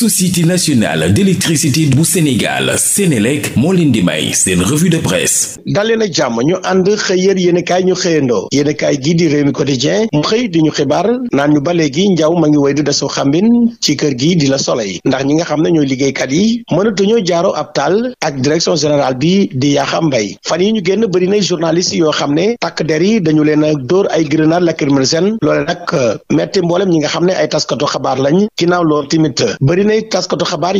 société nationale d'électricité bu Sénégal Sénélec moo leen di may seen revue de presse dalee jàmm ñu ànd xëyër yéenekaay ñu xëyandoo yéenekaay gi di Rewmi Quotidien mu xëy di ñu xibaar naan ñu ba léegi njaw ma ngi way di desu xambin ci kër gi di la Soleil ndax ñi nga xam ne ñooy liggéeykat yi mënatuñoo jaaro ab taal ak direction générale bi di Yakham mbay fan yi ñu génn bëri na journaliste yoo xam ne takk der yi dañu leen a dóor ay grenade lacrymogène loole nag metti mboolem ñi nga xam ne ay taskatu xabaar lañ ginnaaw nay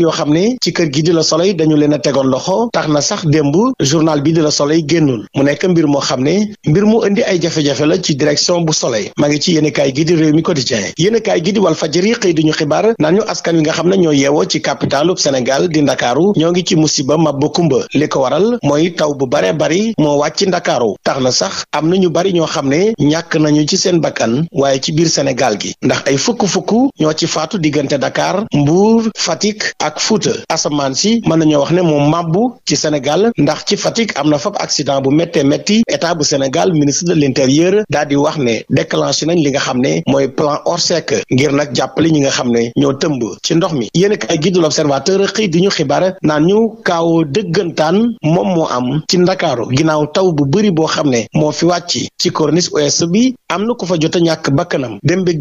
yoo xam ne ci kër gi di la Soleil dañu leen a tegoon loxo tax na sax démb journal bi di la Soleil génnul mu nekk mbir moo xam ne mbir mu indi ay jafe la ci direction bu Soleil maa ngi ci yéenekaay gi di réew mi quotidien yéenekaay gi di Walf Fadjri xëy duñu xibaar naan ñu askan wi nga xam ne ñoo yeewoo ci capitalu Sénégal di Ndakaaru ñoo ngi ci musiba ba kumba li ko waral mooy taw bu bare bari moo wàcc ci Ndakaaru tax na sax am na ñu bari ñoo xam ne ñàkk nañu ci seen bakkan waaye ci biir Sénégal gi ndax ay fukk-fukk ñoo ci faatu diggante Dakar Mbuur Mbour Fatick ak Fouta asamaan si mën nañoo wax ne moom màbbu ci Sénégal ndax ci Fatick am na fab accident bu méttee métti état bu Sénégal ministre de l'intérieur daal di wax ne déclenché nañ li nga xam ne mooy plan Orsec ngir nag jàppale ñi nga xam ne ñoo tëmb ci ndox mi yéen kay gi du l'observateur xëy di ñu xibaar naan ñu kaaw dëggantaan moom moo am ci Ndakaaru ginnaaw taw bu bëri boo xam ne moo fi wàcc ci corniche ouest bi am na ku fa jot ñàkk bakkanam dem beeg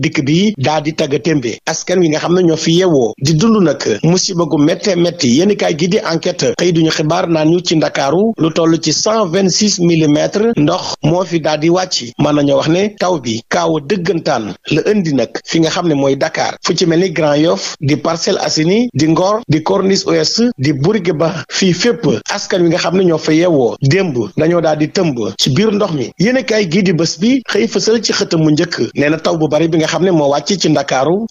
dund nag musiba gu métte métti yéen kaay gi di enquête xëy duñu xibaar naan ñu ci ndakaaru lu toll ci cent vingt six millimètres ndox moo fi daal di wàcc mën ñoo wax ne taw bi kaaw dëggantaan la indi nag fi nga xam ne mooy dakaar fu ci mel ni Grand Yoff di Parcelles assini di ngoor di Corniche Ouest di ba fii fépp askan wi nga xam ne ñoo fa yeewoo démb dañoo daal di tëmb ci biir ndox mi yéen kaay gii di bës bi xëy fësal ci xëtam mu njëkk nee na taw bu bari bi nga xam ne moo ci ndakaaru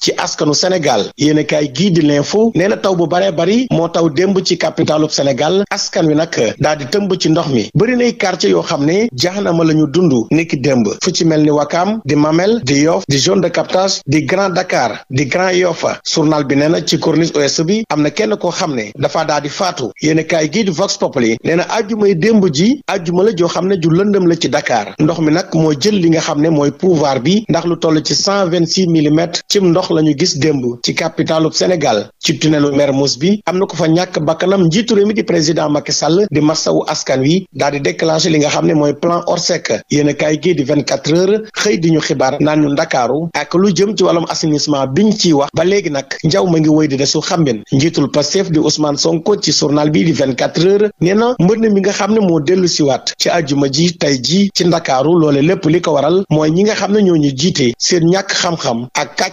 ci askanu Sénégal yéen kaay gii di fu nee na taw bu baree bari moo taw démb ci capitalu Sénégal askan wi nag daal di tëmb ci ndox mi bëri nay quartier yoo xam ne jaxanama la ñu dund niki démb fu ci mel ni Wakam di Mamel di Yoff di zone de captage di Grand Dakar di Grand Yoff surnal bi nee na ci corniche ouest bi am na kenn koo xam ne dafa daal faatu yéen kaay gii di Vox Populi nee na ajjumay démb ji ajjuma la joo xam ne ju lëndëm la ci Dakar ndox mi nag moo jël li nga xam ne mooy pouvoir bi ndax lu ci cent vingt six millimètres cim ndox la ñu gis démb ci capitalu Sénégal ci tunelu Mermoz bi am na ko fa ñàkk bakkanam njiitu réew mi di président Macky Sall di massawu askan wi daal di déclenché li nga xam ne mooy plan Orsec yéen kaay gii di vingt quatre heures xëy di ñu xibaar naan ñu ndakaaru ak lu jëm ci wàllum assainissement biñ ciy wax ba léegi nag njaw ma ngi woy di desu xambin njiitul Pastef di Ousmane Sonko ci journal bi di vingt quatre heures nee na mbënn mi nga xam ne moo dellu siwaat ci àjjuma ji tey ji ci ndakaaru loole lépp li ko waral mooy ñi nga xam ne ñoo ñu jiite seen ñàkk xam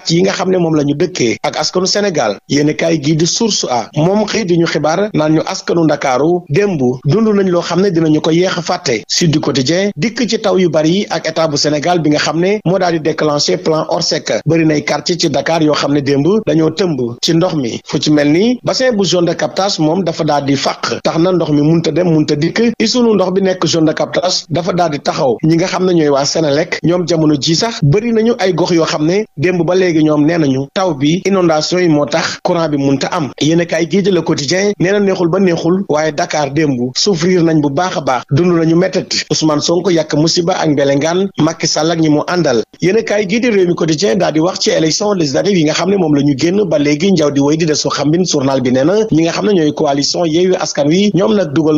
pàcc yi nga xam ne moom la ñu dëkkee ak askanu Sénégal yéen kaay gii di source a moom xëy di ñu xibaar naa ñu askanu ndakaaru démb dundu nañ loo xam ne dinañu ko yeex a fàtte Sud du Quotidien dikk ci taw yu bari yi ak état bu Sénégal bi nga xam ne moo daal di déclenché plan Orsec bëri nay quartier ci Dakar yoo xam ne demb dañoo tëmb ci ndox mi fu ci mel ni bassin bu zone de captage moom dafa daal di fàq tax na ndox mi munta dem munta dikk isunu ndox bi nekk zone de captage dafa daal di taxaw ñi nga xam ne ñooy waa Sénélec ñoom jamono ji sax bëri nañu ay gox yoo xam ne léegi ñoom nee nañu taw bi inondation yi moo tax courant bi munta am yéen kaay gii di Quotidien nee neexul ba neexul waaye Dakar démb souffrir nañ bu baax a baax dund nañu méttati Ousmane Sonko yàq musiba ak mbelengaan Macky Sall ak ñi mu àndal yéen kaay gii di Rewmi Quotidien daal di wax ci élection législative yi nga xam ne moom la ñu génn ba léegi njaw di wéy di desu xambin journal bi nee ñi nga xam ne ñooy coalition Yewwi Askan Wi ñoom nag dugal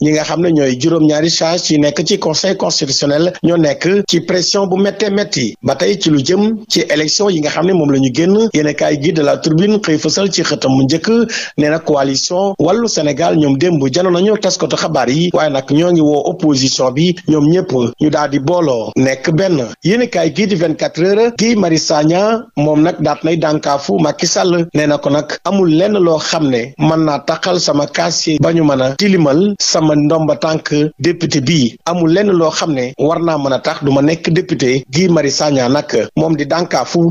nga xam ne ñooy juróom-ñaari charge ci nekk ci conseil constitutionnel ñoo nekk ci pression bu méttee métti ba tey ci lu jëm ci élection yi nga xam ne moom la ñu génn yéen kaay gi de la turbine xëy fësal ci xëtam mu njëkk nee na coalition wàllu Sénégal ñoom démb janoon nañu taskatu xabaar yi waaye nag ñoo ngi woo opposition bi ñoom ñëpp ñu daal di booloo nekk benn yéen kaay gi di 24 heures gi Mari Sagna moom nag daat nay dànkaafu Macky Sall nee na ko nag amul lenn loo xam ne mën naa taxal sama casier ba ñu mën a tilimal sama ndomba tànk député bi amul lenn loo xam ne war naa mën a tax du ma nekk député gi Mari Sagna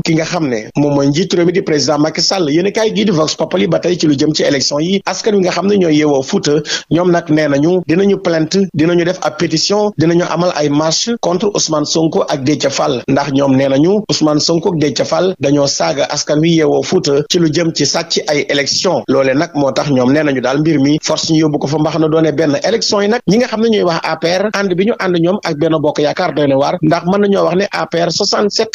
ndogalu ki nga xam ne moom mooy njiitu réew président Macky Sall yéen a kaay Vox Populi ba ci lu jëm ci élection yi askan wi nga xam ne ñoom nag nee ay marche contre Ousmane Sonko ak Déthié Fall ndax ñoom nee nañu Ousmane Sonko ak Déthié Fall dañoo saaga askan wi yeewoo ci lu jëm ci sàcc ay élection tax ñoom nee nañu daal mbir mi force ñu yóbbu ko fa mbax na doone benn élection yi nag ñi nga xam ne ñooy wax APR ànd bi ñu ànd ñoom ak benn bokk yaakaar doone waar ndax mën nañoo wax ne APR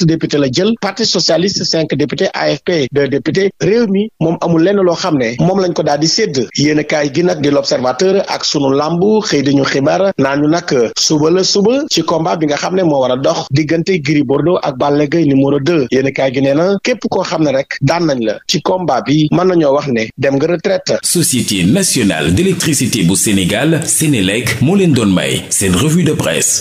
député la jël socialiste cinq députés AFP deux députés Rewmi moom amul lenn loo xam ne moom lañ ko daal di sédd yéen a kaay gi nag di l'observateur ak sunu làmb xëy dañu xibaar naa ñu nag suba la suba ci combat bi nga xam ne moo war a dox diggante Gris Bordeaux ak Balla gay numéro deux yéen a gi nee na képp koo xam ne rek daan nañ la ci combat bi mën na ñoo wax ne dem nga retraite. Société nationale d'électricité bu Sénégal Sénélec moo leen doon may seen revue de presse.